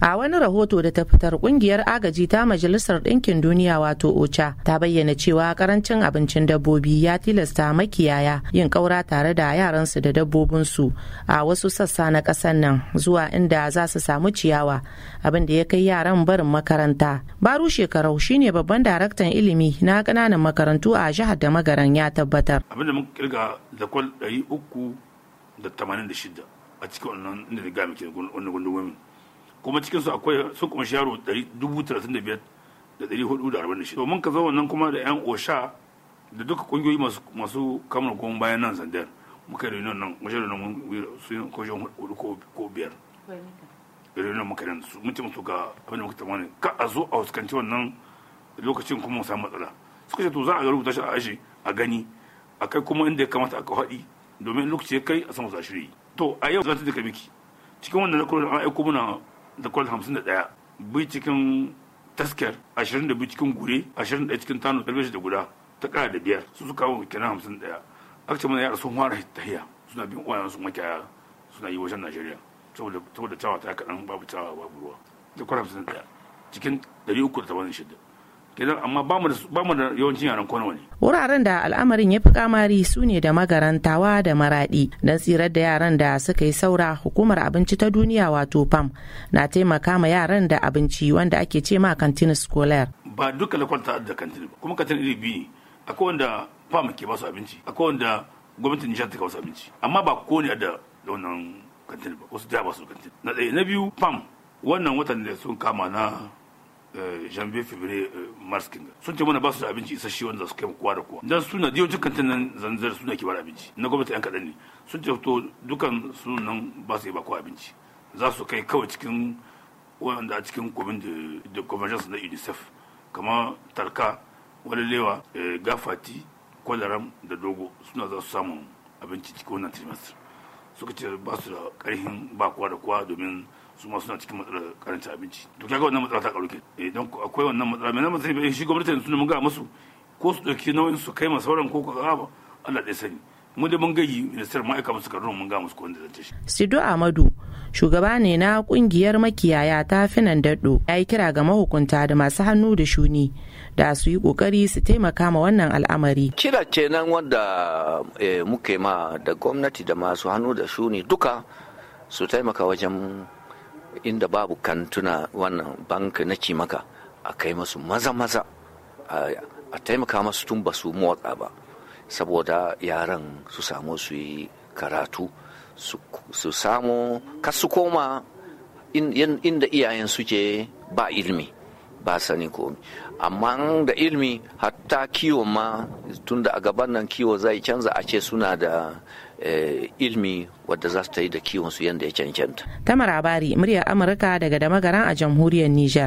a wani rahoto da ta fitar kungiyar agaji ta majalisar ɗinkin duniya wato ocha ta bayyana cewa karancin abincin dabbobi ya tilasta makiyaya yin ƙaura tare da yaransu da dabbobinsu a wasu sassa na ƙasar nan zuwa inda za su samu ciyawa abin da ya kai yaran barin makaranta baru shekarau shine babban daraktan ilimi na kananan makarantu a jihar da magaran ya tabbatar abin da muka kirga da kwal 386 a cikin wannan inda da gami ke wannan kuma cikin su akwai sun kunshi yaro 35,446 to mun ka zo wannan kuma da yan osha da duka kungiyoyi masu kamar goma bayan nan zandar muka reunion nan muka reunion su kusan hudu ko biyar reunion muka reunion su mun ce musu ga abin da muka tamani ka a zo a fuskanci wannan lokacin kuma mun samu matsala suka ce to za a ga rubuta shi a ashe a gani a kai kuma inda ya kamata a haɗi domin lokaci ya kai a samu zashiri to a yau za ta duka miki cikin wannan na kuma an aiko muna da kwal ɗaya bi cikin taskar 22 cikin gure ashirin da cikin tano talbishi da guda ta kara da biyar su suka kawo kenan ɗaya aka mana yara sun fara tahiya suna bin uwayen su makiyaya suna yi wajen Najeriya saboda saboda cawa ta kaɗan babu cawa babu ruwa da kwal 51 cikin shida kenan amma ba mu da yawancin yaran kwana wani. Wuraren da al'amarin ya fi kamari su ne da magarantawa da maradi don tsirar da yaran da suka yi saura hukumar abinci ta duniya wato PAM na taimaka ma yaran da abinci wanda ake ce ma kantin scholar. Ba duka da ta da kantin ba kuma kantin iri biyu ne akwai wanda PAM ke basu abinci akwai wanda gwamnatin nishar ta basu abinci amma ba ko ne da wannan kantin ba wasu da ba su kantin. Na ɗaya na biyu PAM wannan watan da sun kama na Eh, janvier février eh, mars kinga sun ce mana ba su da abinci isasshe wanda su kai kuwa da kuwa. dan suna diyo dukkan tunan zanzar suna ke abinci na gwamnati yan kadan ne sun ce to dukkan su nan ba su yi ba kuwa abinci za su kai kawai cikin wanda a cikin kubin da convergence na unicef kama tarka lewa eh, gafati kwalaram da dogo suna za su samu abinci cikin wannan trimester suka ce ba su da karhin ba kuwa da kuwa domin su suna cikin matsalar karancin abinci to kaga wannan matsala ta karu ke don akwai wannan matsala me namar sai shi gwamnati sun mun ga musu ko su dauki nauyin su kai ma sauran ko kaga ba Allah dai sani mun da mun gayi ministar ma'aika musu karuwa mun ga musu ko wanda shi. Sido Amadu shugaba ne na kungiyar makiyaya ta finan daddo ya yi kira ga mahukunta da masu hannu da shuni da su yi kokari su taimaka ma wannan al'amari kira ce nan wanda muke ma da gwamnati da masu hannu da shuni duka su taimaka wajen inda babu kantuna wannan banki na cimaka a kai masu maza-maza a taimaka masu tun ba su motsa ba saboda yaran su samu su yi karatu su samu kasu koma inda iyayen suke ba ilimi ba sani komi amma da ilmi hatta kiwo ma tunda a gaban nan kiwo zai canza a ce suna da eh, ilmi wadda za su ta yi da kiwon su yadda ya cancanta. Tamar Abari, muryar Amurka daga Damagaran a jamhuriyar niger.